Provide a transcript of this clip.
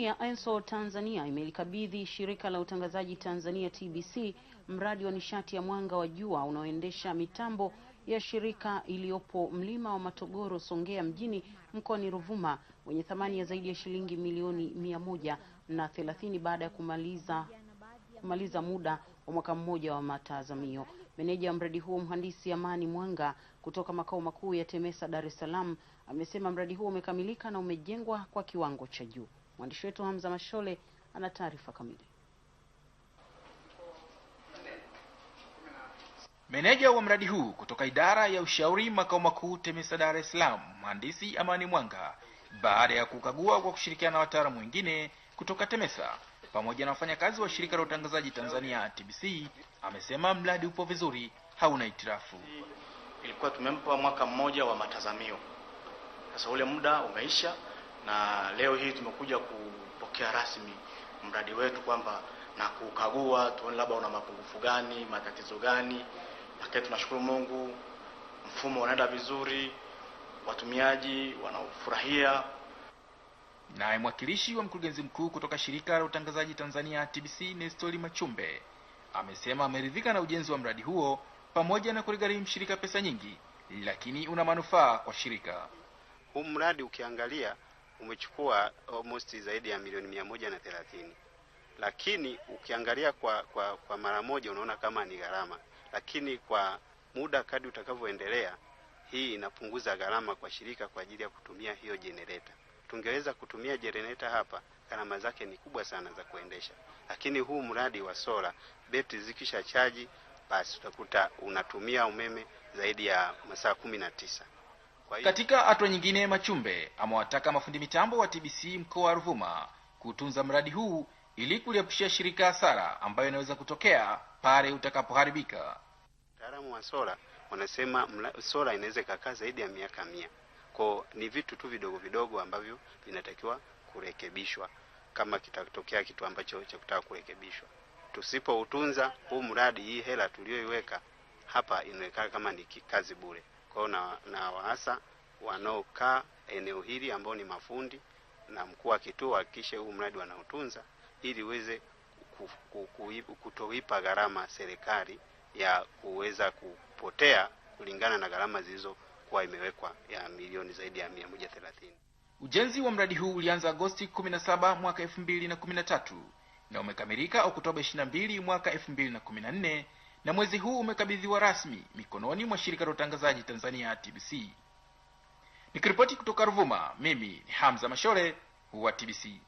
Kampuni ya ENSO Tanzania imelikabidhi shirika la utangazaji Tanzania TBC mradi wa nishati ya mwanga wa jua unaoendesha mitambo ya shirika iliyopo mlima wa Matogoro Songea mjini mkoani Ruvuma wenye thamani ya zaidi ya shilingi milioni mia moja na thelathini baada ya kumaliza kumaliza muda wa mwaka mmoja wa matazamio. Meneja wa mradi huo mhandisi Amani Mwanga kutoka makao makuu ya TEMESA Dar es Salaam amesema mradi huo umekamilika na umejengwa kwa kiwango cha juu. Mwandishi wetu Hamza Mashole ana taarifa kamili. Meneja wa mradi huu kutoka idara ya ushauri makao makuu TEMESA Dar es Salaam, mhandisi Amani Mwanga, baada ya kukagua kwa kushirikiana na wataalamu wengine kutoka TEMESA pamoja na wafanyakazi wa shirika la utangazaji Tanzania TBC, amesema mradi upo vizuri, hauna itirafu. Ilikuwa tumempa mwaka mmoja wa matazamio, sasa ule muda umeisha na leo hii tumekuja kupokea rasmi mradi wetu kwamba na kukagua tuone labda una mapungufu gani, matatizo gani, lakini tunashukuru Mungu, mfumo unaenda vizuri, watumiaji wanaofurahia. Naye mwakilishi wa mkurugenzi mkuu kutoka shirika la utangazaji Tanzania TBC Nestori Machumbe amesema ameridhika na ujenzi wa mradi huo pamoja na kuligharimu shirika pesa nyingi, lakini una manufaa kwa shirika. Huu mradi ukiangalia umechukua almost zaidi ya milioni mia moja na thelathini, lakini ukiangalia kwa, kwa, kwa mara moja unaona kama ni gharama, lakini kwa muda kadi utakavyoendelea, hii inapunguza gharama kwa shirika kwa ajili ya kutumia hiyo jenereta. Tungeweza kutumia jenereta hapa, gharama zake ni kubwa sana za kuendesha, lakini huu mradi wa sola, beti zikisha chaji, basi utakuta unatumia umeme zaidi ya masaa kumi na tisa. Katika hatua nyingine, Machumbe amewataka mafundi mitambo wa TBC mkoa wa Ruvuma kutunza mradi huu ili kuliepushia shirika hasara ambayo inaweza kutokea pale utakapoharibika. Wataalamu wa sola wanasema sola inaweza ikakaa zaidi ya miaka mia. ko, ni vitu tu vidogo vidogo ambavyo vinatakiwa kurekebishwa, kama kitatokea kitu ambacho cha kutaka kurekebishwa. Tusipoutunza huu mradi, hii hela tuliyoiweka hapa inaonekana kama ni kazi bure kwao, na, na waasa wanaokaa eneo hili ambao ni mafundi na mkuu wa kituo hakikishe huu mradi wanaotunza ili uweze kutoipa gharama serikali ya kuweza kupotea kulingana na gharama zilizokuwa imewekwa ya milioni zaidi ya 130. Ujenzi wa mradi huu ulianza Agosti 17 mwaka 2013 na umekamilika Oktoba 22 mwaka nne na mwezi huu umekabidhiwa rasmi mikononi mwa shirika la utangazaji Tanzania TBC. Nikiripoti kutoka Ruvuma, mimi ni Hamza Mashore wa TBC.